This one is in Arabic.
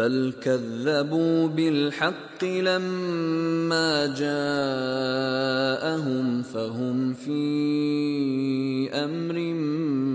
بل كذبوا بالحق لما جاءهم فهم في امر